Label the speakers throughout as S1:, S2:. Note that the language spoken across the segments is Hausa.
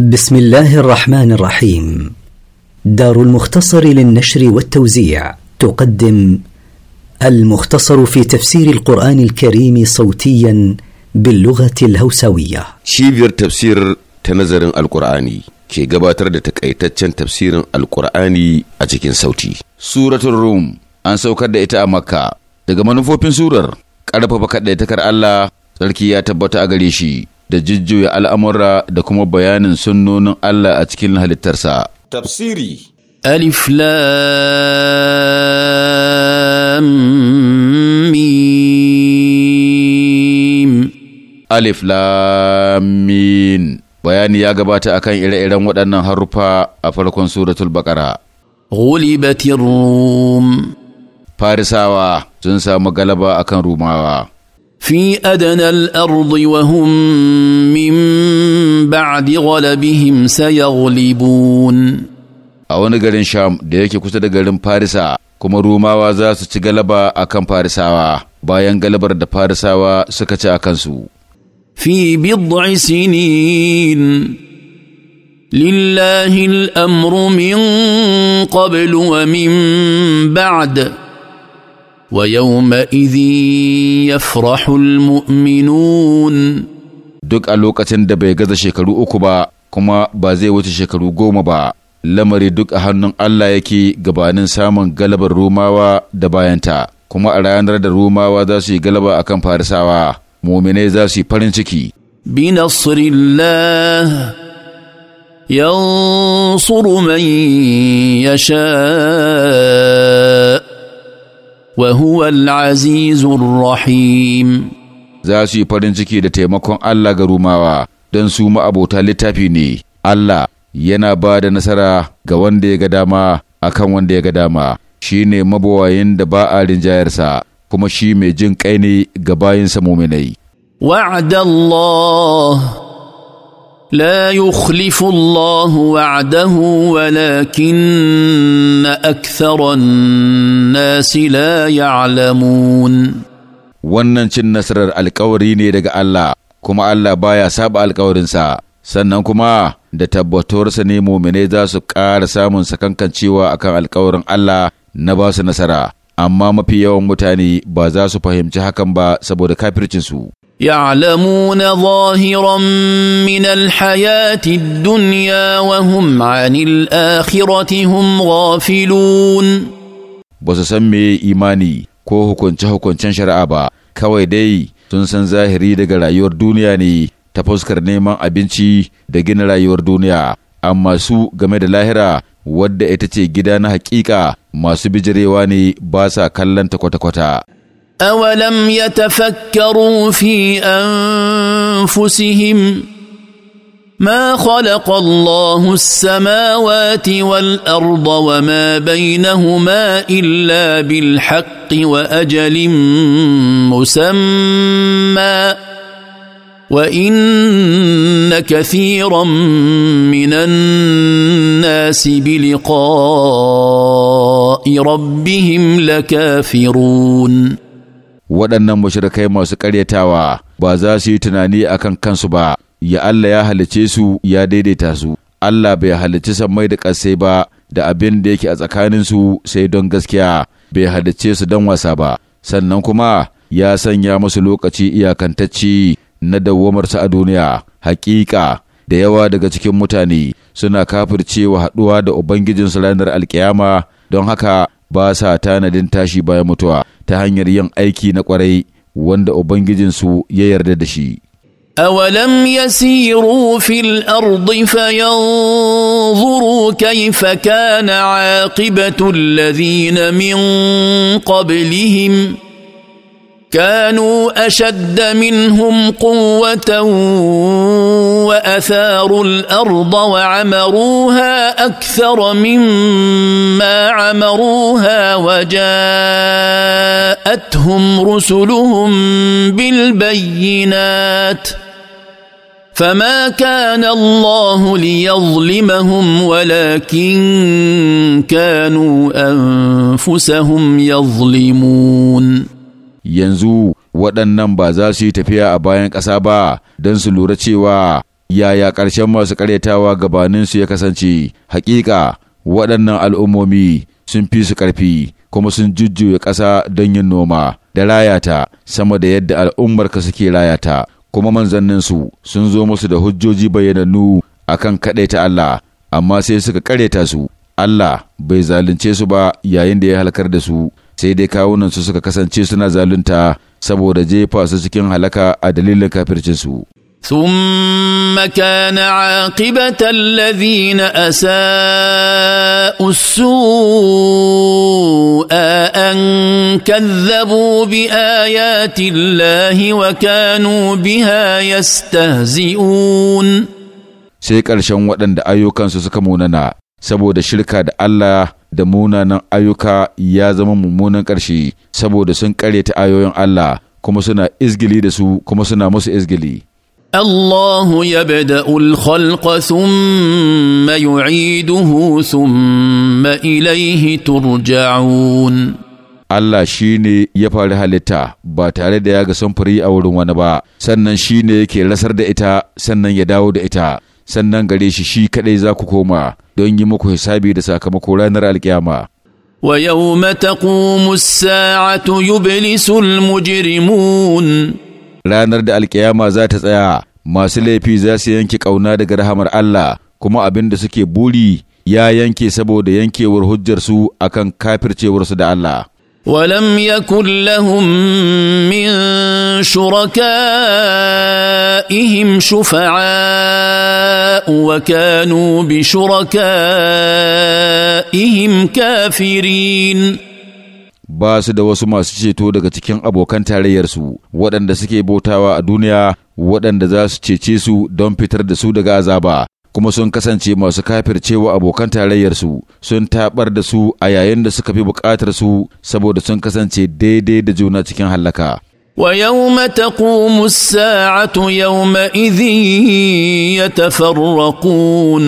S1: بسم الله الرحمن الرحيم دار المختصر للنشر والتوزيع تقدم المختصر في تفسير القرآن الكريم صوتيا باللغة الهوسوية
S2: شيفير تفسير تنظر القرآن كي قباتر تفسير القرآن أجيكين صوتي سورة الروم أن سوكا إتا مكة دقا منفو سورر كالا بابا كالا الله تلكي يا أغليشي da jujjuya al'amura da kuma bayanin sunnonin Allah a cikin halittarsa. Tafsiri Alif
S1: Lam
S2: Mim Alif Lam Mim Bayani ya gabata akan ire-iren waɗannan haruffa a farkon suratul Baƙara. Ghulibatir Rum Farisawa sun samu galaba akan Rumawa. في
S1: ادنى الارض وهم من بعد
S2: غلبهم سيغلبون a wani garin sham da yake kusa da garin farisa kuma rumawa za su ci galaba a kan farisawa bayan galabar da farisawa suka ci a kansu
S1: fi bid'i sinin lillahi al'amru min qablu wa min
S2: ba'd ويومئذ يفرح المؤمنون duk a lokacin da bai gaza shekaru uku ba kuma ba zai wuce shekaru goma ba lamari duk a hannun Allah yake gabanin samun galabar Rumawa da bayanta kuma a ranar da Rumawa za su yi galaba akan Farisawa muminai za su yi farin ciki
S1: bi nasrillah yansuru man yasha
S2: وهو العزيز الرحيم za su yi farin ciki da taimakon Allah ga Rumawa don su abota littafi ne, Allah yana ba da nasara ga wanda ya ga dama a kan wanda ya ga dama, shi ne mabawayin da ba a rinjayarsa kuma shi mai jin kai ne ga bayansa muminai.
S1: وعد الله لا يخلف الله وعده ولكن اكثر
S2: الناس الناس لا يعلمون wannan cin nasarar alkawari ne daga Allah kuma Allah baya saba alkawarinsa sannan kuma da tabbatuwarsa ne muminai za su ƙara samun sakankancewa akan alkawarin Allah na ba su nasara amma mafi yawan mutane ba za su fahimci hakan ba saboda kafircinsu
S1: يعلمون ظاهرا من الحياة الدنيا وهم عن الآخرة هم غافلون
S2: ba su san meye imani ko hukunce-hukuncen shari'a ba kawai dai sun san zahiri daga rayuwar duniya ne ta fuskar neman abinci da gina rayuwar duniya amma su game da lahira wadda ita ce gida na hakika masu bijirewa ne ba sa kallon takwatakwata kwata-kwata.
S1: أولم يتفكروا في أنفسهم ما خلق الله السماوات والارض وما بينهما الا بالحق واجل مسمى وان كثيرا من الناس بلقاء
S2: ربهم لكافرون waɗannan mashirkai masu ƙaryatawa ba za su yi tunani a kan kansu ba ya Allah ya halice su ya daidaita su Allah bai halice sammai da ƙasai ba da abin da yake a tsakaninsu sai don gaskiya bai halicce su don wasa ba sannan kuma ya sanya musu lokaci iyakantacci na dawwamarsa a duniya hakika da yawa daga cikin mutane suna kafircewa haɗuwa da ubangijinsu ranar alkiyama don haka ba sa tanadin tashi bayan mutuwa ta hanyar yin aiki na ƙwarai wanda ubangijinsu ya yarda da shi
S1: أولم يسيروا في الأرض فينظروا كيف كان عاقبة الذين من قبلهم ؟ كانوا اشد منهم قوه واثاروا الارض وعمروها اكثر مما عمروها وجاءتهم رسلهم بالبينات فما كان الله ليظلمهم ولكن كانوا
S2: انفسهم يظلمون yanzu waɗannan ba za su yi tafiya a bayan ƙasa ba don su lura cewa yaya ƙarshen masu ƙaryatawa gabaninsu ya kasance Haƙiƙa waɗannan al'ummomi sun fi su ƙarfi kuma sun jujjuya ƙasa don yin noma da rayata sama da yadda al'ummarka suke rayata kuma manzanninsu sun zo musu da hujjoji bayyanannu a kan ta Allah amma sai suka ƙaryata su Allah bai zalunce su ba yayin da ya halkar da su sai dai kawunan su suka kasance suna zalunta saboda jefa su cikin halaka a dalilin kafircinsu.
S1: ثم كان عاقبة الذين أساءوا السوء أن كذبوا بآيات الله
S2: وكانوا بها يستهزئون. sai ƙarshen waɗanda ayyukansu suka munana saboda shirka da Allah da munanan ayyuka ya zama mummunan ƙarshe saboda sun ƙaryata ayoyin Allah kuma suna izgili da su kuma suna musu izgili.
S1: الله sun
S2: mayu ثم sun ma ilaihi turja'un. Allah shi ne ya fari halitta ba tare da ya ga samfuri a wurin wani ba, sannan shi ne yake rasar da ita sannan ya dawo da ita. sannan gare shi shi kaɗai za ku koma don yi muku hisabi da sakamako ranar alkiyama. wa ويوم تقوم musa'atu يبلس mujirimun ranar da alkiyama za ta tsaya masu laifi za su yanke ƙauna daga rahamar Allah kuma abin da suke buri ya yanke saboda yankewar hujjarsu akan kafircewarsu da Allah. ولم يكن لهم من
S1: شركائهم شفعاء
S2: وكانوا بشركائهم كافرين ba su da wasu masu ceto daga cikin abokan tarayyarsu waɗanda suke bautawa a duniya waɗanda za su cece su don fitar da su daga azaba kuma sun kasance masu kafircewa abokan tarayyarsu sun tabar da su a yayin da suka fi bukatar su saboda sun kasance daidai da juna cikin hallaka.
S1: ويوم
S2: تقوم الساعة يومئذ يتفرقون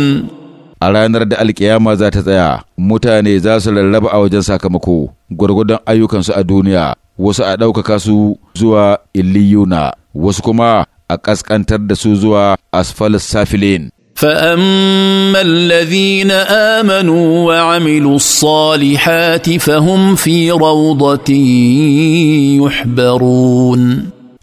S2: a ranar da alkiyama za ta tsaya mutane za su rarraba a wajen sakamako gwargwadon ayyukansu a duniya wasu a ɗaukaka su zuwa illiyuna wasu kuma a ƙasƙantar da su zuwa asfalis safilin
S1: فاما الذين امنوا وعملوا الصالحات
S2: فهم في روضه يحبرون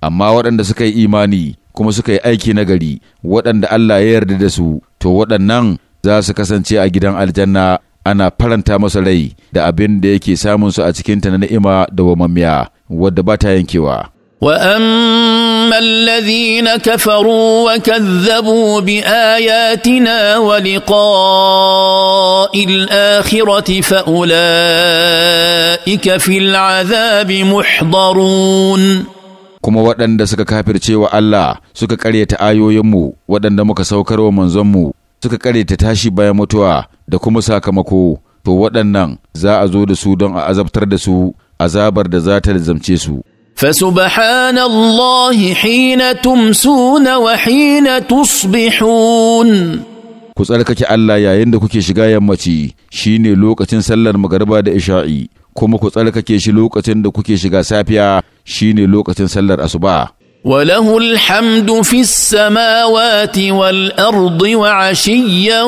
S2: amma waɗanda suka yi imani kuma suka yi aiki nagari waɗanda Allah ya yarda da su to waɗannan za su kasance a gidan aljanna ana faranta masa rai da abinda yake samun su a cikinta na ni'ima da wamammiya wadda ba ta yankewa
S1: واما الذين كفروا وكذبوا باياتنا ولقاء الاخره فاولئك في العذاب محضرون
S2: kuma waɗanda suka kafirce wa Allah suka ƙaryata ayoyinmu waɗanda muka saukar wa manzonmu suka ƙaryata tashi bayan mutuwa da kuma sakamako to waɗannan za a zo da su don a azabtar da su azabar da za ta zamce su
S1: فسبحان الله حين تمسون وحين تصبحون
S2: ku tsarkake Allah yayin da kuke shiga yammaci shine lokacin sallar magarba da isha'i kuma ku tsarkake shi lokacin da kuke shiga safiya shine lokacin sallar asuba
S1: وله الحمد في السماوات والأرض وعشيا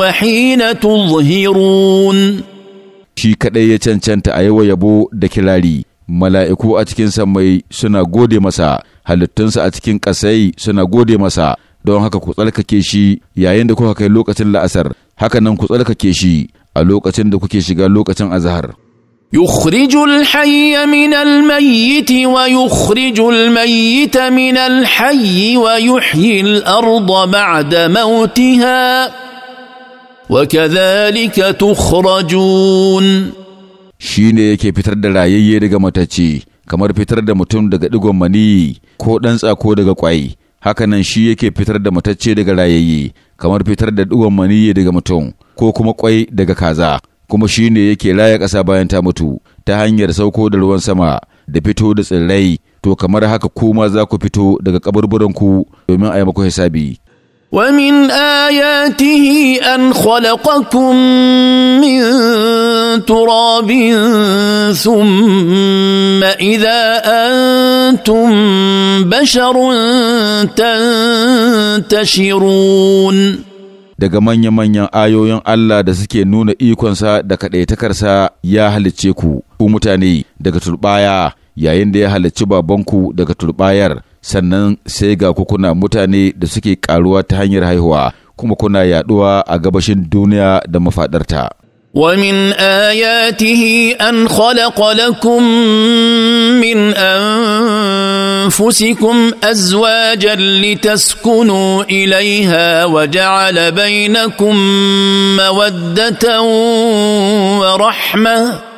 S1: وحين تظهرون
S2: shi kaɗai ya cancanta a yawa yabo da kirari mala'iku a cikin sammai suna gode masa, halittunsa a cikin ƙasai suna gode masa, don haka ku tsarkake shi yayin da kuka kai lokacin la'asar, haka nan ku tsarkake shi a lokacin da kuke shiga lokacin azahar.
S1: يخرج الحي من الميت ويخرج الميت من الحي ويحيي الارض بعد موتها
S2: وكذلك تخرجون shi ne yake fitar da rayayye daga matacce kamar fitar da mutum daga digon maniyi ko ɗan tsako daga ƙwai hakanan shi yake fitar da matacce daga rayayye kamar fitar da digon maniyi daga mutum ko kuma kwai daga kaza kuma shi ne yake raya ƙasa bayan ta mutu ta hanyar sauko da ruwan sama da fito da tsirrai to kamar haka kuma za ku fito daga kaburburanku domin a yi muku hisabi
S1: ومن اياته ان خلقكم من تراب ثم اذا انتم بشر تنتشرون
S2: daga manya-manyan ayoyin Allah da suke nuna ikonsa da kaɗaitakarsa ya halicce ku, ku mutane daga turbaya yayin da ya halicci babanku daga turbayar sannan sai ga kuna mutane da suke karuwa ta hanyar haihuwa kuma kuna yaduwa a gabashin duniya da mafadarta
S1: ومن اياته ان خلق لكم من انفسكم ازواجا لتسكنوا اليها وجعل بينكم موده ورحمه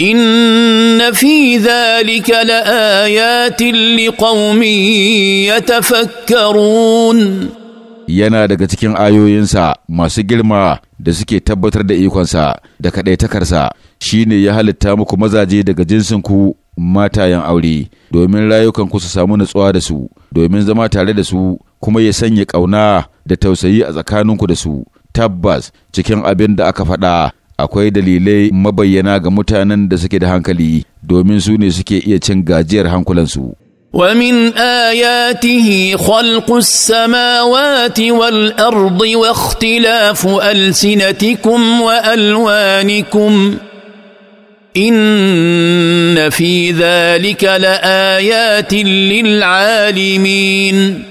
S1: ان في ذلك لايات لقوم يتفكرون
S2: yana daga cikin ayoyinsa masu girma da suke tabbatar da ikonsa da kaɗaitakarsa shi ne ya halitta muku mazaje daga jinsinku matayen aure domin rayukanku su samu natsuwa da su domin zama tare da su kuma ya sanya ƙauna da tausayi a tsakaninku da su tabbas cikin abin da aka faɗa akwai dalilai mabayyana ga mutanen da suke da hankali domin su ne suke iya cin gajiyar hankulansu.
S1: ومن اياته خلق السماوات والارض واختلاف السنتكم والوانكم ان في ذلك لايات للعالمين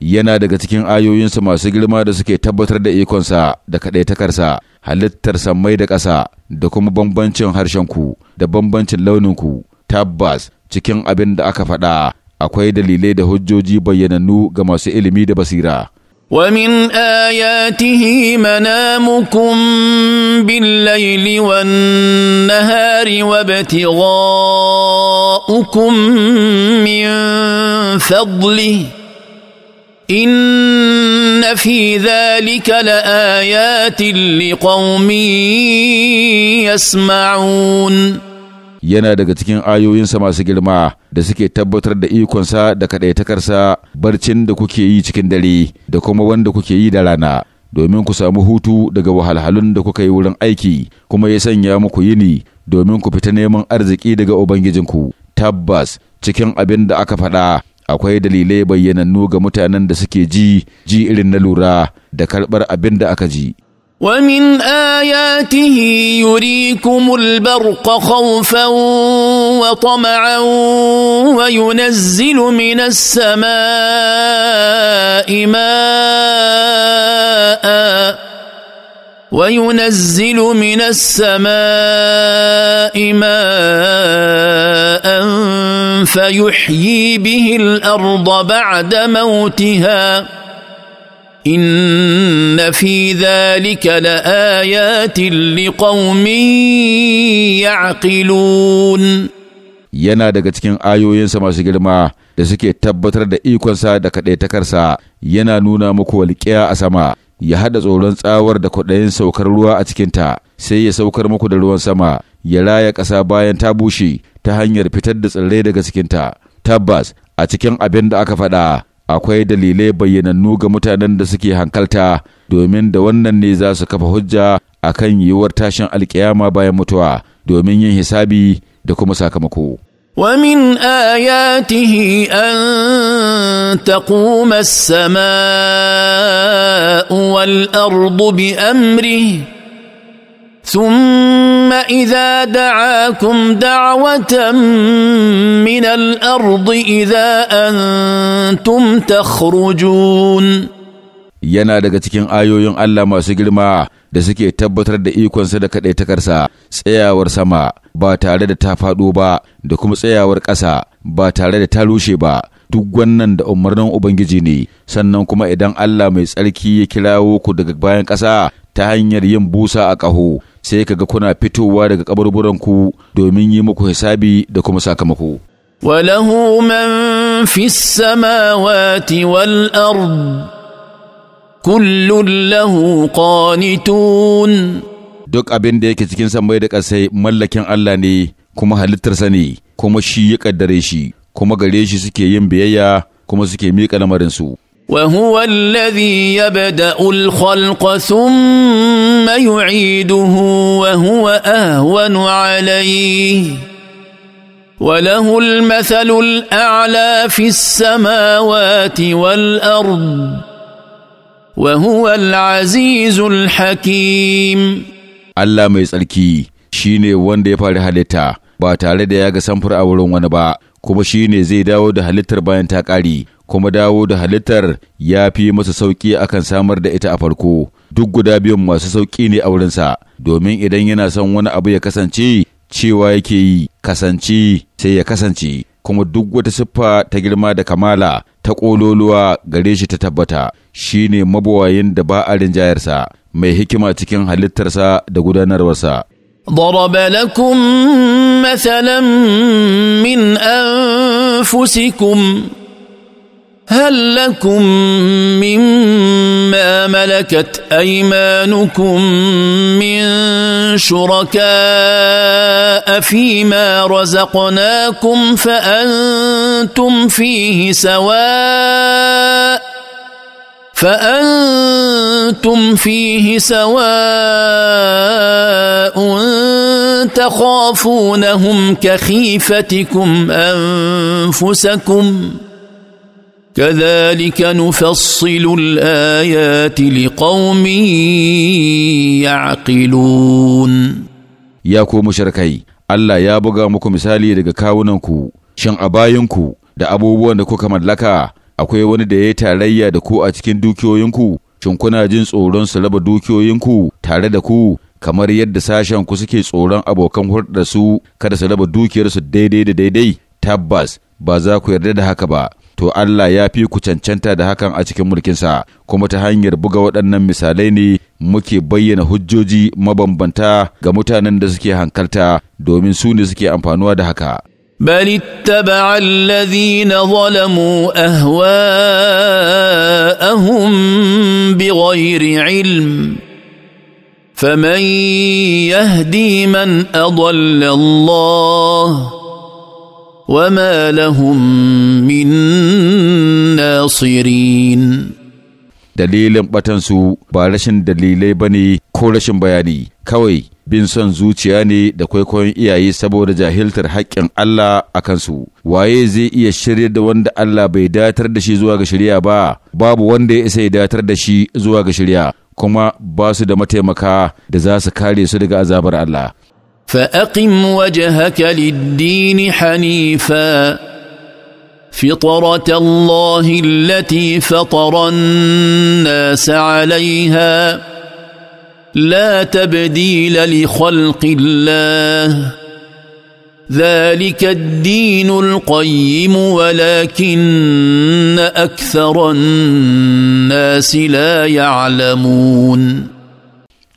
S2: yana daga cikin ayoyinsa masu girma da suke tabbatar da ikonsa da kaɗaitakarsa halittar samai da ƙasa da kuma bambancin harshenku da bambancin launinku tabbas cikin abin da aka faɗa akwai dalilai da hujjoji bayyanannu ga masu ilimi da basira
S1: ومن آياته منامكم بالليل والنهار وابتغاؤكم من فضله ان في ذلك لايات لقوم يسمعون
S2: yana daga cikin ayoyinsa masu girma da suke tabbatar da ikonsa da kaɗaitakarsa barcin da kuke yi cikin dare da kuma wanda kuke yi da rana domin ku samu hutu daga wahalhalun da kuka yi wurin aiki kuma ya sanya muku yini domin ku fita neman arziki daga ubangijinku tabbas cikin abin da aka faɗa akwai dalilai bayyanannu ga mutanen da suke ji ji irin na lura da karɓar abin da aka ji
S1: ومن آياته يريكم البرق خوفا وطمعا وينزل من السماء ماءً وينزل من السماء ماء فيحيي به الارض بعد موتها ان في ذلك لايات لقوم يعقلون
S2: yana daga cikin ayoyinsa masu girma da suke tabbatar da ikonsa da kaɗaitakarsa yana nuna muku walƙiya a sama ya hada tsoron tsawar da kwaɗayin saukar ruwa a cikinta sai ya saukar muku da ruwan sama ya raya ƙasa bayan ta bushe ta hanyar fitar da tsirrai daga cikinta tabbas a cikin abin da aka faɗa akwai dalilai bayyanannu ga mutanen da suke hankalta domin da wannan ne za su kafa hujja a kan yiwuwar tashin alkiyama bayan mutuwa domin yin hisabi da kuma sakamako.
S1: ومن اياته ان تقوم السماء والارض بامره ثم اذا دعاكم دعوه من الارض اذا انتم تخرجون
S2: yana daga cikin ayoyin Allah masu girma da suke tabbatar da ikonsa da kaɗaitakarsa tsayawar sama ba tare da ta faɗo ba da kuma tsayawar ƙasa ba tare da ta rushe ba duk wannan da umarnin Ubangiji ne sannan kuma idan Allah mai tsarki ya kirawo ku daga bayan ƙasa ta hanyar yin busa a ƙaho sai ka ga kuna fitowa daga kaburburanku domin yi muku hisabi da kuma sakamako.
S1: man fi samawati wal والأرض kullun lahu qanitun
S2: duk abin da yake cikin mai da ƙasai mallakin Allah ne kuma halittarsa ne kuma shi ya ƙaddare shi kuma gare shi suke yin biyayya kuma suke miƙa lamarinsu.
S1: وهو الذي يبدا الخلق ثم يعيده وهو اهون عليه وله المثل الاعلى في السماوات والارض وهو العزيز الحكيم
S2: Allah mai tsarki shine wanda ya fara halitta ba tare da ya ga samfur a wurin wani ba kuma shine zai dawo da halittar bayan ta kare kuma dawo da halittar ya fi masa sauki akan samar da ita a farko duk guda biyun masu sauki ne a wurinsa domin idan yana son wani abu ya kasance cewa yake yi kasance sai ya kasance kuma duk wata siffa ta girma da kamala ta ƙololuwa gare shi ta tabbata shi ne mabawayin da ba a rinjayarsa mai hikima cikin halittarsa da gudanarwarsa.
S1: ضرب لكم مثلا من أنفسكم هل لكم مما ملكت ايمانكم من شركاء فيما رزقناكم فانتم فيه سواء فانتم فيه سواء تخافونهم كخيفتكم انفسكم كذلك نفصل الايات
S2: لقوم يعقلون يا ku Sharkai, Allah ya buga muku misali daga kawunanku shin a bayanku da abubuwan da kuka mallaka akwai wani da ya tarayya da ku a cikin dukiyoyinku shin kuna jin tsoron su raba dukiyoyinku tare da ku kamar yadda sashen ku suke tsoron abokan hulɗar su kada su raba dukiyarsu daidai da daidai tabbas ba za ku yarda da haka ba to Allah ya fi ku cancanta da hakan a cikin mulkinsa, kuma ta hanyar buga waɗannan misalai ne muke bayyana hujjoji mabambanta ga mutanen da suke hankalta domin su ne suke amfanuwa da haka.
S1: بل اتبع الذين ظلموا اهواءهم بغير علم فمن يهدي من اضل الله وما لهم
S2: من ناصرين dalilin batansu ba rashin dalilai ba ne ko rashin bayani kawai bin son zuciya ne da kwaikwayon iyaye saboda jahiltar haƙƙin Allah a kansu waye zai iya shirya da wanda Allah bai datar da shi zuwa ga shirya ba babu wanda ya isa ya datar da shi zuwa ga shirya kuma ba su da mataimaka da za su kare su daga azabar Allah
S1: فاقم وجهك للدين حنيفا فطره الله التي فطر الناس عليها لا تبديل لخلق الله ذلك الدين القيم ولكن اكثر الناس لا
S2: يعلمون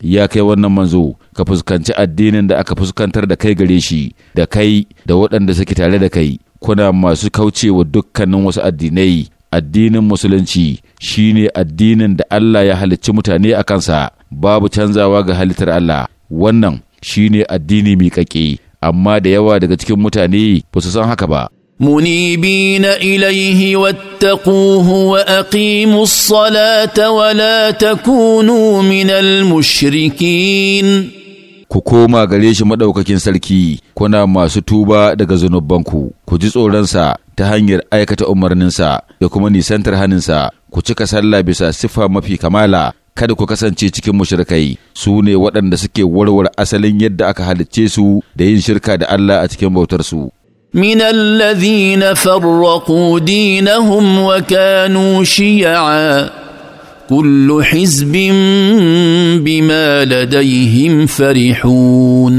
S2: يا كي ونمنزو ka fuskanci addinin da aka fuskantar da kai gare shi da kai da waɗanda suke tare da kai kuna masu kaucewa dukkanin wasu addinai addinin musulunci shine addinin da Allah ya halicci mutane a kansa babu canzawa ga halittar Allah wannan shine addini miƙaƙe amma da yawa daga cikin mutane ba su san haka ba
S1: منيبين إليه واتقوه وأقيموا الصلاة ولا
S2: تكونوا من المشركين ku koma gare shi maɗaukakin sarki, kuna masu tuba daga zunubanku, ku ji tsoronsa ta hanyar aikata umarninsa da kuma nisantar haninsa, ku cika sallah bisa siffa mafi kamala, kada ku kasance cikin mushrikai su ne waɗanda suke warware asalin yadda aka halicce su da yin shirka da Allah a cikin bautarsu.
S1: من الذين فرقوا دينهم وكانوا شيعا كل
S2: حزب بما لديهم فرحون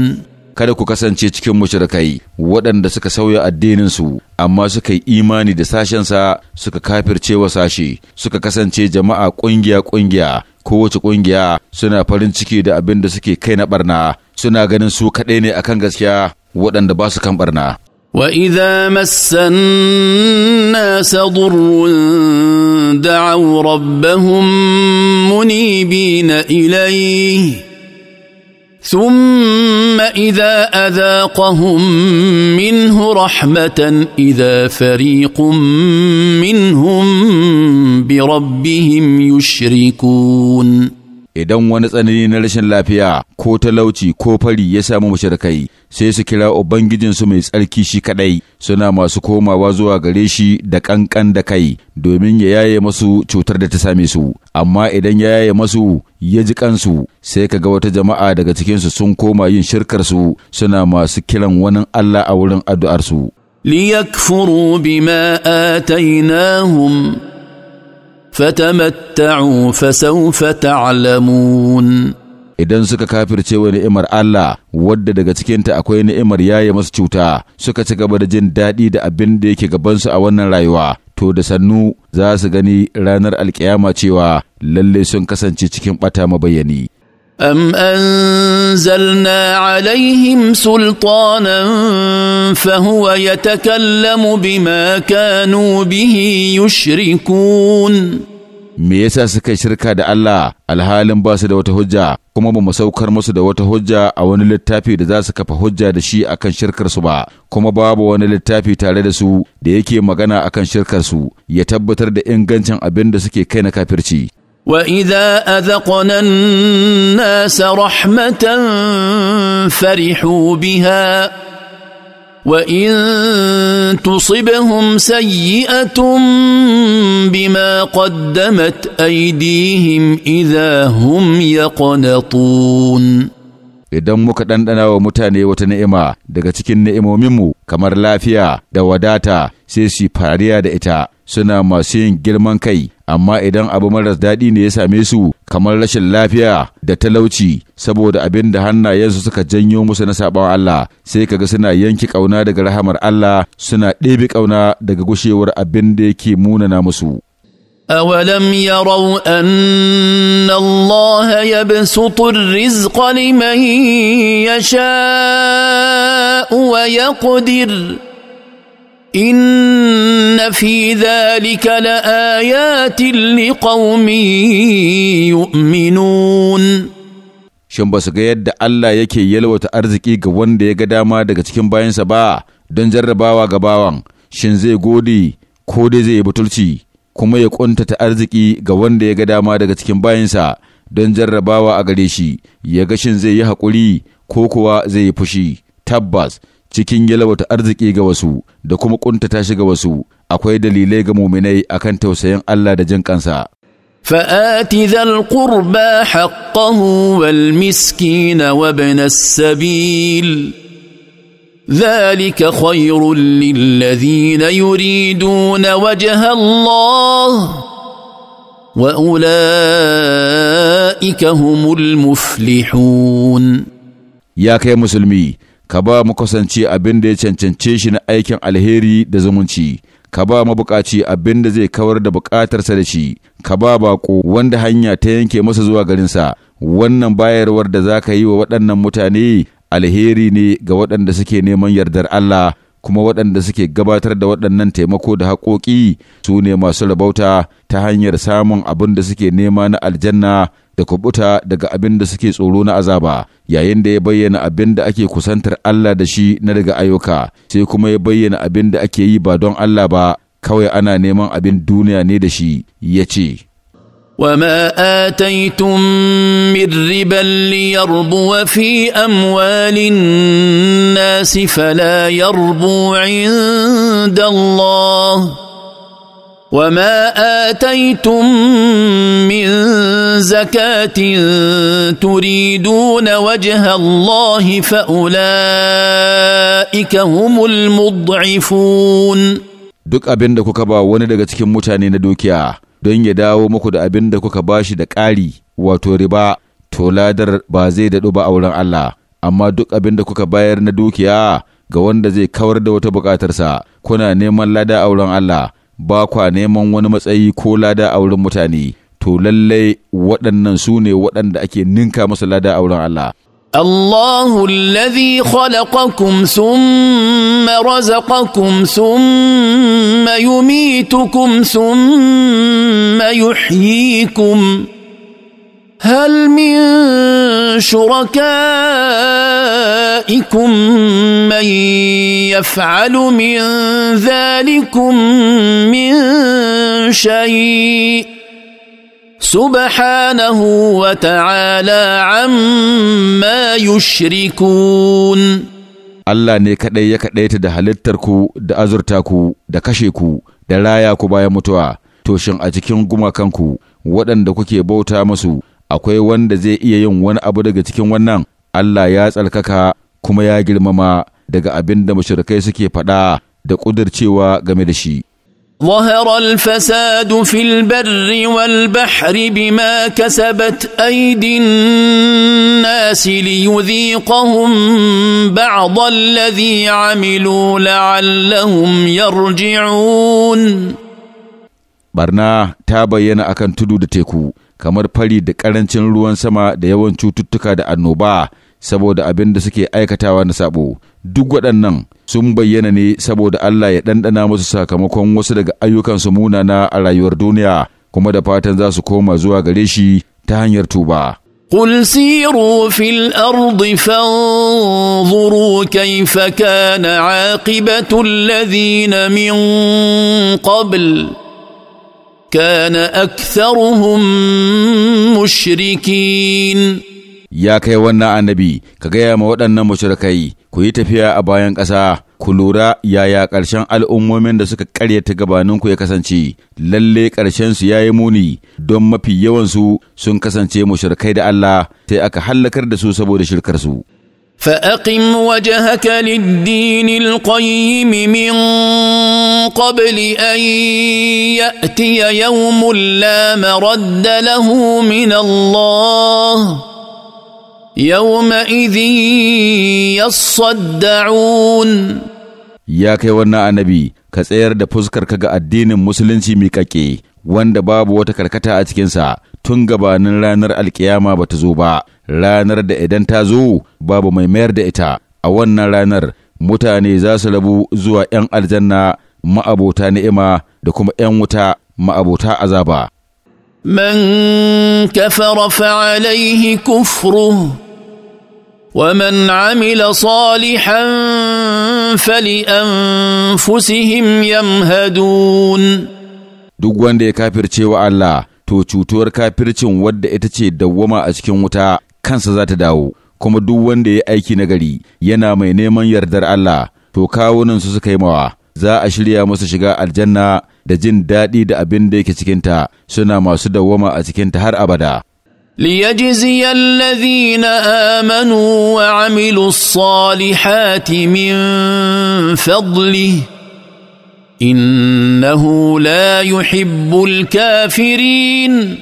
S2: kada ku kasance cikin mushrikai waɗanda suka sauya addininsu amma suka yi imani da sashensa suka kafirce wa sashe suka kasance jama'a ƙungiya-ƙungiya kowace ƙungiya suna farin ciki da abin da suke kai na barna suna ganin su kaɗai ne akan gaskiya waɗanda ba su kan barna.
S1: وإذا مس الناس ضر دعوا ربهم منيبين اليه ثم اذا اذاقهم منه رحمه اذا فريق
S2: منهم بربهم يشركون idan wani tsanani na rashin lafiya ko talauci ko fari ya samu mashirkai sai su kira Ubangijinsu mai tsarki shi kaɗai, suna masu komawa zuwa gare shi da ƙanƙan da kai domin ya yaye masu cutar da ta same su, amma idan ya yaye masu ya ji kansu sai ka ga wata jama'a daga cikinsu sun koma yin shirkarsu suna masu kiran wani Allah a wurin addu'arsu.
S1: ليكفروا بما آتيناهم فتمتعوا فسوف
S2: idan suka kafirce wa ni'imar Allah wadda daga cikinta akwai ni'imar yaye masu cuta suka ci gaba da jin daɗi da abin da yake gabansu a wannan rayuwa to da sannu za su gani ranar alkiyama cewa lalle sun kasance cikin ɓata mabayani.
S1: أم أنزلنا عليهم سلطانا فهو يتكلم بما كانوا به
S2: يشركون me yasa suka shirka da Allah alhalin ba su da wata hujja kuma ba mu saukar musu da wata hujja a wani littafi da za su kafa hujja da shi akan shirkar su ba kuma babu wani littafi tare da su da yake magana akan shirkar su ya tabbatar da ingancin abin da suke kai na kafirci
S1: واذا اذقنا الناس رحمه فرحوا biha. وان تصبهم سيئه بما قدمت ايديهم
S2: اذا هم يقنطون idan muka ɗanɗana wa mutane wata ni'ima daga cikin ni'imominmu kamar lafiya da wadata sai su fariya da ita suna masu yin girman kai amma idan abu maras daɗi ne ya same su kamar rashin lafiya da talauci saboda abin da hannayensu suka janyo musu na saɓawa Allah sai kaga suna yanki ƙauna daga rahamar Allah suna ɗebe ƙauna daga gushewar abin da yake munana musu
S1: أولم يروا أن الله يبسط الرزق لمن يشاء ويقدر ان في ذلك لايات لقوم يؤمنون
S2: shin ba su ga yadda Allah yake yalwata arziki ga wanda ya ga dama daga cikin bayansa ba don jarrabawa ga bawan shin zai gode ko dai zai butulci kuma ya ta arziki ga wanda ya ga dama daga cikin bayansa don jarrabawa a gare shi ya ga shin zai yi haƙuri ko kuwa zai yi fushi tabbas cikin yalwata arziki ga wasu da kuma ƙuntata shi ga wasu akwai dalilai ga muminai akan tausayin Allah da jin kansa
S1: فآت ذا القربى حقه والمسكين وابن السبيل ذلك خير للذين يريدون وجه الله واولئك
S2: هم المفلحون يا كي مسلمي ka ba mu kasance abin da ya cancance shi na aikin alheri da zumunci ka ba mabukaci abin da zai kawar da bukatarsa da shi ka ba bako wanda hanya ta yanke masa zuwa garinsa wannan bayarwar da za ka yi wa waɗannan mutane alheri ne ga waɗanda suke neman yardar Allah kuma waɗanda suke gabatar da waɗannan taimako da haƙoƙi su ne masu rabauta ta hanyar samun abin da suke nema na aljanna da kubuta daga abin da suke tsoro na azaba yayin da ya bayyana abin da ake kusantar Allah da shi na daga ayyuka sai kuma ya bayyana abin da ake yi ba don Allah ba kawai ana neman abin duniya ne da shi ya ce
S1: وما اتيتم من ربا ليربو في اموال الناس فلا يربو عند الله وما اتيتم من زكاه تريدون وجه الله
S2: فاولئك هم المضعفون duk abin da kuka ba wani daga cikin mutane na dukiya don ya dawo muku da abin da kuka ba shi da ƙari wato riba to ladar ba zai daɗu ba a wurin Allah amma duk abin da kuka bayar na dukiya ga wanda zai kawar da wata buƙatarsa kuna neman lada a wurin Allah ba kwa neman wani matsayi ko lada a wurin mutane to lallai waɗannan su ne waɗanda ake ninka masa lada a wurin Allah
S1: الله الذي خلقكم ثم رزقكم ثم يميتكم ثم يحييكم هل من شركائكم من يفعل من ذلكم من شيء سبحانه وتعالى
S2: عما يشركون Allah ne kaɗai ya kaɗaita da halittarku da azurta ku, da kashe ku da raya ku bayan mutuwa, to shin a cikin gumakanku waɗanda kuke bauta musu. akwai wanda zai iya yin wani abu daga cikin wannan Allah ya tsalkaka kuma ya girmama daga abin da mashirkai suke faɗa da ƙudurcewa game da shi.
S1: ظهر الفساد في البر والبحر بما كسبت ايدي الناس ليذيقهم بعض الذي عملوا لعلهم يرجعون
S2: برنا ta bayyana akan tudu da teku kamar fari da ƙarancin ruwan sama da yawan cututtuka da annoba saboda abin da suke aikatawa na sabo duk waɗannan sun bayyana ne saboda Allah ya ɗanɗana musu sakamakon wasu daga ayyukansu munana a rayuwar duniya kuma da fatan za su koma zuwa gare shi ta hanyar tuba.
S1: قل سيروا في الارض فانظروا كيف كان عاقبه الذين من قبل كان أكثرهم مشركين
S2: يا كي النبي كغيا مودنا مشركي كوي تفيا أبايان كسا كلورا يا يا كرشان الأمومين دا سكا كالية تغبانون كوي كسانشي للي كرشان سيا يموني دوم مبي يوانسو سن كسانشي مشركي دا الله تي حل كرد سو سبو دا شركرسو
S1: فأقم وجهك للدين القيم من قبل أن يأتي يوم لا مرد له من الله يومئذ يصدعون
S2: ya kai wannan annabi ka tsayar da fuskar ka ga addinin musulunci miƙaƙe wanda babu wata karkata a cikinsa tun gabanin ranar alkiyama ba ta zo ba ranar da idan ta zo babu mai mayar da ita a wannan ranar mutane za su rabu zuwa 'yan aljanna ma'abota ni'ima da kuma ‘yan wuta ma'abota azaba.
S1: Man kafara fa'alaihi kufru, wa man amila salihan fali an fusihim yamhadun.
S2: Duk wanda ya kafirce wa Allah, to cutuwar kafircin wadda ita ce dawwama a cikin wuta kansa za ta dawo, kuma duk wanda ya aiki nagari yana mai neman yardar Allah, to kawunan su suka yi mawa. za a shirya musu shiga aljanna da jin daɗi da abin da yake cikinta suna masu dawwama a cikinta har abada.
S1: ليجزي الذين آمنوا وعملوا الصالحات من فضله إنه لا يحب الكافرين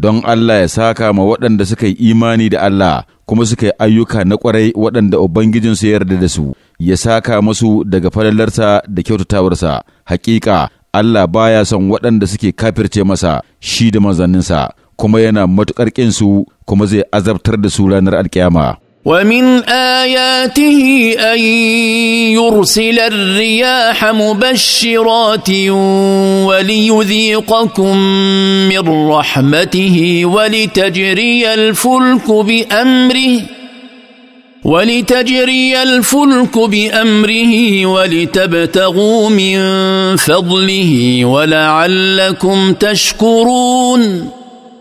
S2: don Allah ya saka ma waɗanda suka yi imani da Allah kuma suka yi ayyuka na ƙwarai waɗanda Ubangijinsu ya yarda da su. ya saka musu daga falalarsa da kyautatawarsa hakika Allah baya son waɗanda suke kafirce masa shi da manzanninsa kuma yana matuƙar ƙinsu kuma zai azabtar da su ranar alkiyama.
S1: ومن اياته ان يرسل الرياح مبشرات وليذيقكم من رحمته ولتجري الفلك amri. ولتجري الفلك بامره ولتبتغوا من فضله ولعلكم تشكرون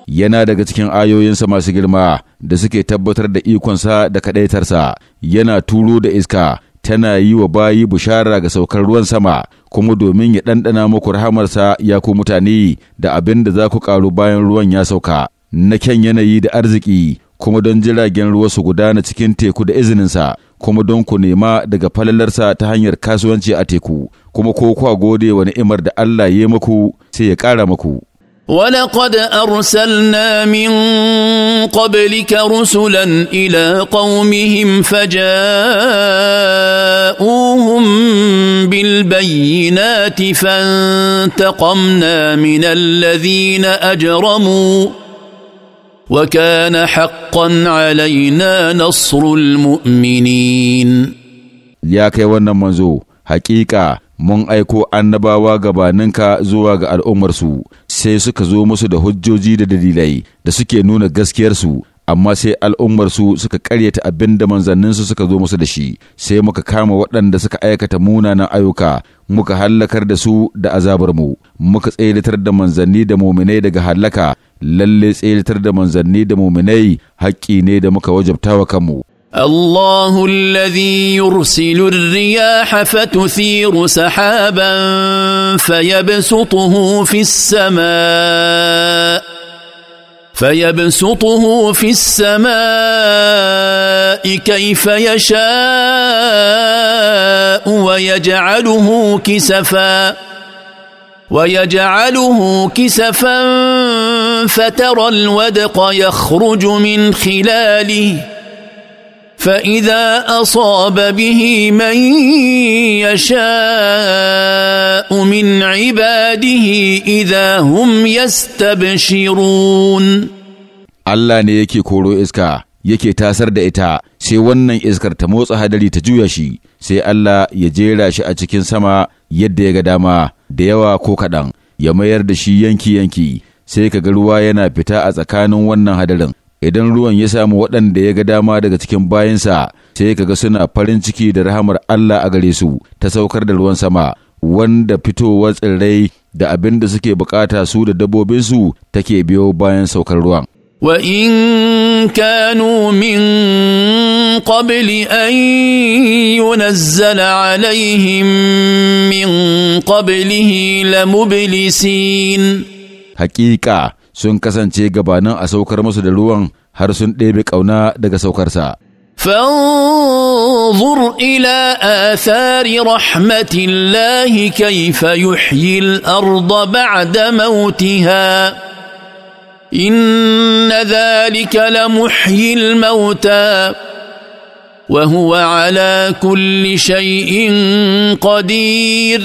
S2: yana daga cikin ayoyinsa masu girma da suke tabbatar da ikonsa da kaɗaitarsa yana turo da iska tana yi wa bayi bushara ga saukar ruwan sama kuma domin ya ɗanɗana muku rahamarsa ya ku mutane da abin da za ku ƙaru bayan ruwan ya sauka na kyan yanayi da arziki kuma don jiragen ruwa su gudana cikin teku da izininsa kuma don ku nema daga falalarsa ta hanyar kasuwanci a teku kuma ko kwa gode wa ni'imar da Allah ya maku sai ya ƙara muku
S1: ولقد أرسلنا من قبلك رسلا إلى قومهم فجاءوهم بالبينات فانتقمنا من الذين أجرموا
S2: وكان
S1: حقا علينا
S2: نصر المؤمنين يا كي wannan manzo haƙiƙa mun aiko annabawa gabaninka zuwa ga al'ummarsu sai suka zo musu da hujjoji da dalilai da suke nuna gaskiyarsu amma sai al'ummarsu suka karyata abinda da manzanninsu suka zo musu da shi sai muka kama waɗanda suka aikata munanan ayyuka muka hallakar da su da azabarmu muka tsayyatar da manzanni da muminai daga halaka lalle tseratar da manzanni da muminai haƙƙi ne da muka wajabta wa kanmu.
S1: الله الذي يرسل الرياح فتثير سحابا فيبسطه في السماء فيبسطه في السماء كيف يشاء ويجعله كسفا ويجعله كسفا فترى الودق يخرج من خلاله فاذا اصاب به من يشاء من عباده اذا هم يستبشرون
S2: الله ne yake koro iska yake tasar da ita sai wannan iskar ta motsa hadari ta juya shi sai Allah ya jera shi a cikin sama yadda ya ga dama da yawa ko kaɗan ya mayar da shi yanki-yanki sai ka ga ruwa yana fita a tsakanin wannan hadarin idan ruwan ya samu waɗanda ya ga dama daga cikin bayansa sai ka ga suna farin ciki da rahamar Allah a gare su ta saukar da ruwan sama wanda fitowar tsirrai da abin da suke bukata su da dabbobinsu take biyo bayan saukar ruwan.
S1: وإن كانوا من قبل أن ينزل عليهم من قبله
S2: لمبلسين hakika sun kasance gabanin a saukar musu da ruwan har sun ɗebe ƙauna daga saukarsa.
S1: فانظر الى اثار رحمه الله كيف يحيي الارض بعد موتها ان ذلك لمحيي الموتى وهو على كل شيء قدير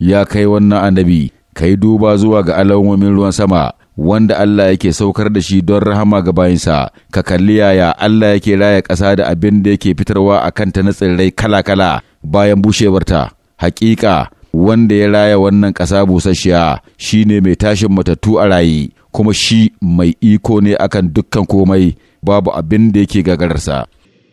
S2: يا كي النبي ka yi duba zuwa ga alamomin ruwan sama wanda Allah yake saukar da shi don rahama ga bayinsa, ka kalli yaya Allah yake raya ƙasa da abin da yake fitarwa a kanta na tsirrai kala-kala bayan bushewarta. Hakika, wanda ya raya wannan ƙasa busasshiya shi ne mai tashin matattu a rayi, kuma shi mai iko ne akan dukkan komai babu abin da yake gagararsa.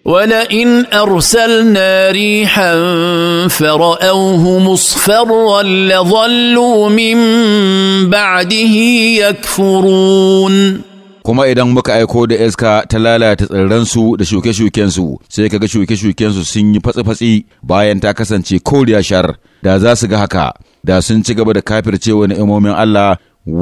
S1: ولئن ارسلنا ريحا فراوه مصفرا لظلوا من بعده يكفرون
S2: kuma idan muka aiko da iska ta lalata tsirransu da shuke-shukensu sai kaga shuke-shukensu sun yi fatsi-fatsi bayan ta kasance koriya shar da za su ga haka da sun ci gaba da kafircewa na imomin Allah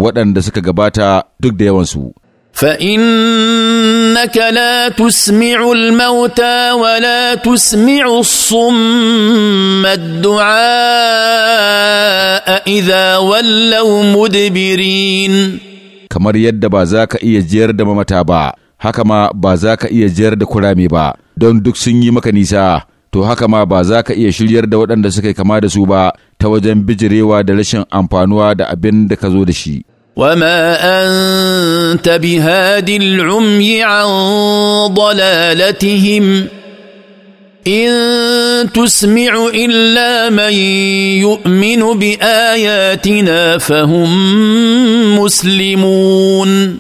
S2: waɗanda suka gabata duk da yawansu فانك
S1: لا تسمع الموتى ولا تسمع الصم الدعاء اذا ولوا مدبرين
S2: kamar yadda ba za ka iya jiyar da mamata ba haka ma ba za ka iya jiyar da kurame ba don duk sun yi maka nisa to haka ma ba za ka iya shiryar da waɗanda suka kama da su ba ta wajen bijirewa da rashin amfanuwa da abin da ka zo da shi
S1: وما انت بهاد العمي عن ضلالتهم ان تسمع الا من يؤمن باياتنا فهم مسلمون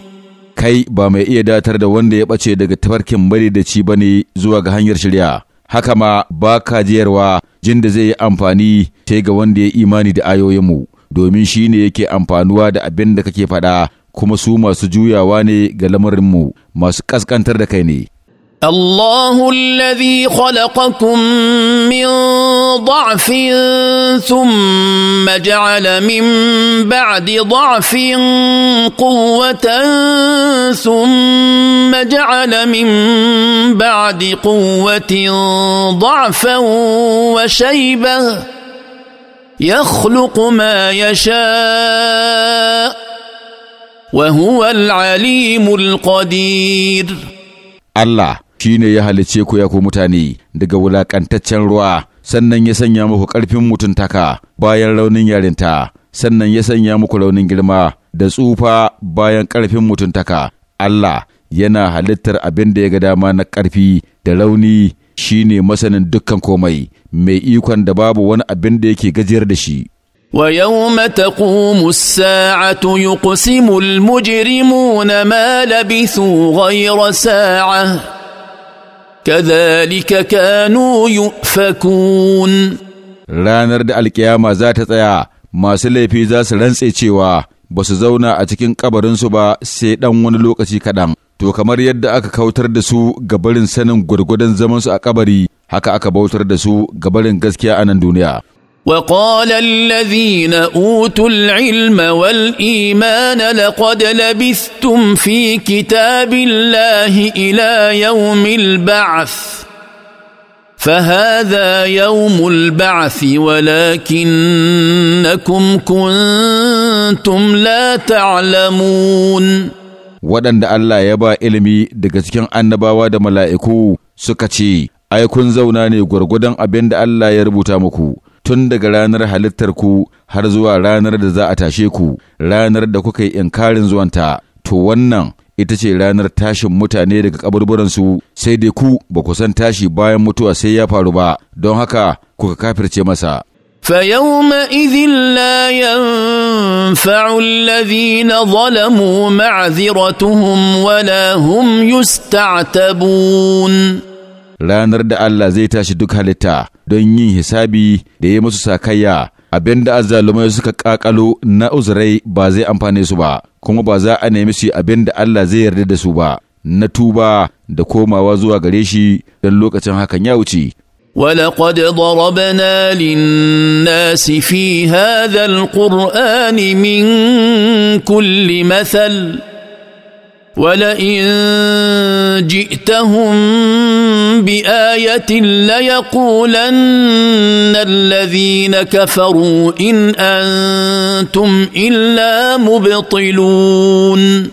S2: kai ba mai iya datar da wanda ya ɓace daga tafarkin bari da ci bane zuwa ga hanyar shirya haka ma ba ka jiyarwa jin da zai yi amfani sai ga wanda ya imani da ayoyinmu domin shi ne yake amfanuwa da abin da kake faɗa kuma su masu juyawa ne ga lamarinmu masu ƙasƙantar da kai ne.
S1: الله الذي خلقكم من ضعف ثم جعل من بعد ضعف قوه ثم جعل من بعد قوه ضعفا يخلق ما يشاء
S2: وهو العليم القدير الله shine ya halicce ku ya ku mutane daga wulaƙantaccen ruwa sannan ya sanya muku ƙarfin mutuntaka bayan raunin yarinta sannan ya sanya muku raunin girma da tsufa bayan ƙarfin mutuntaka Allah yana halittar abin da ya ga dama na ƙarfi da rauni shine masanin dukkan komai mai ikon da babu wani abin da yake gajiyar da shi.
S1: ويوم تقوم الساعة يقسم المجرمون ما لبثوا غير ساعة
S2: كذلك kanu يؤفكون ranar da alkiyama za ta tsaya masu laifi za su rantse cewa ba su zauna a cikin kabarinsu ba sai ɗan wani lokaci kaɗan to kamar yadda aka kautar da su ga barin sanin gwargwadon zamansu a kabari haka aka bautar da su gabarin gaskiya a nan duniya
S1: وقال الذين اوتوا العلم والايمان لقد لبثتم في كتاب الله الى يوم البعث فهذا يوم البعث ولكنكم كنتم لا تعلمون
S2: waɗanda Allah ya ba ilimi daga cikin annabawa da mala'iku suka ce ai kun zauna ne gwargwadon abin da Allah ya rubuta muku tun daga ranar halittar ku har zuwa ranar da za a tashe ku ranar da kuka yi inkarin zuwanta to wannan ita ce ranar tashin mutane daga kaburburansu sai dai ku ba ku san tashi bayan mutuwa sai ya faru ba don haka kuka kafirce masa
S1: فيومئذ لا ينفع الذين ظلموا معذرتهم ولا هم يستعتبون
S2: ranar da Allah zai tashi duk halitta don yin hisabi da ya musu sakayya abin da azzalumai suka kakalo na uzurai ba zai amfane su ba kuma ba za a nemi su abin da Allah zai yarda da su ba na tuba da komawa zuwa gare shi don lokacin hakan ya wuce
S1: ولقد ضربنا للناس في هذا القرآن من كل مثل ولئن جئتهم بايه ليقولن الذين كفروا illa انتم الا مبطلون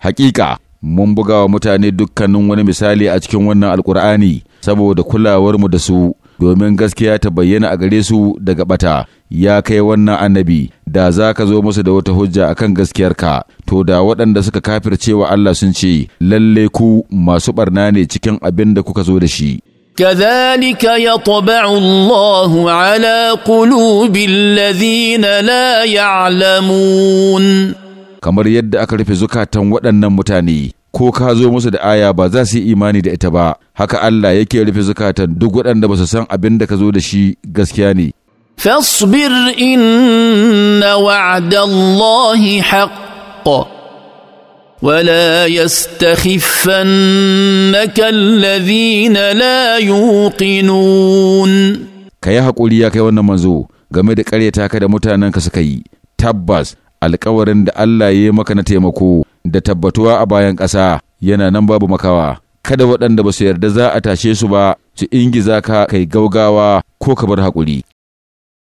S2: حقيقه mun buga wa mutane dukkanin wani misali a cikin wannan alkur'ani saboda kulawarmu da su domin gaskiya ta bayyana a gare su daga ɓata. ya kai wannan annabi da za ka zo musu da wata hujja akan ka, to da waɗanda suka kafirce wa Allah sun ce lalle ku masu barna ne cikin abin da kuka zo da shi
S1: كذلك يطبع الله على قلوب الذين لا يعلمون
S2: kamar yadda aka rufe zukatan waɗannan mutane ko ka zo musu da aya ba za su yi imani da ita ba haka Allah yake rufe zukatan duk waɗanda ba su san abin da ka zo da shi gaskiya ne
S1: فاصبر ان وعد الله حق ولا يستخفنك الذين لا يوقنون
S2: كي haƙuri ya kai wannan manzo game da ƙaryata ka da mutanenka suka yi tabbas alkawarin da Allah ya yi maka na taimako da tabbatuwa a bayan ƙasa yana nan babu makawa kada waɗanda ba su yarda za a tashe su ba su ingiza ka kai gaugawa ko ka bar haƙuri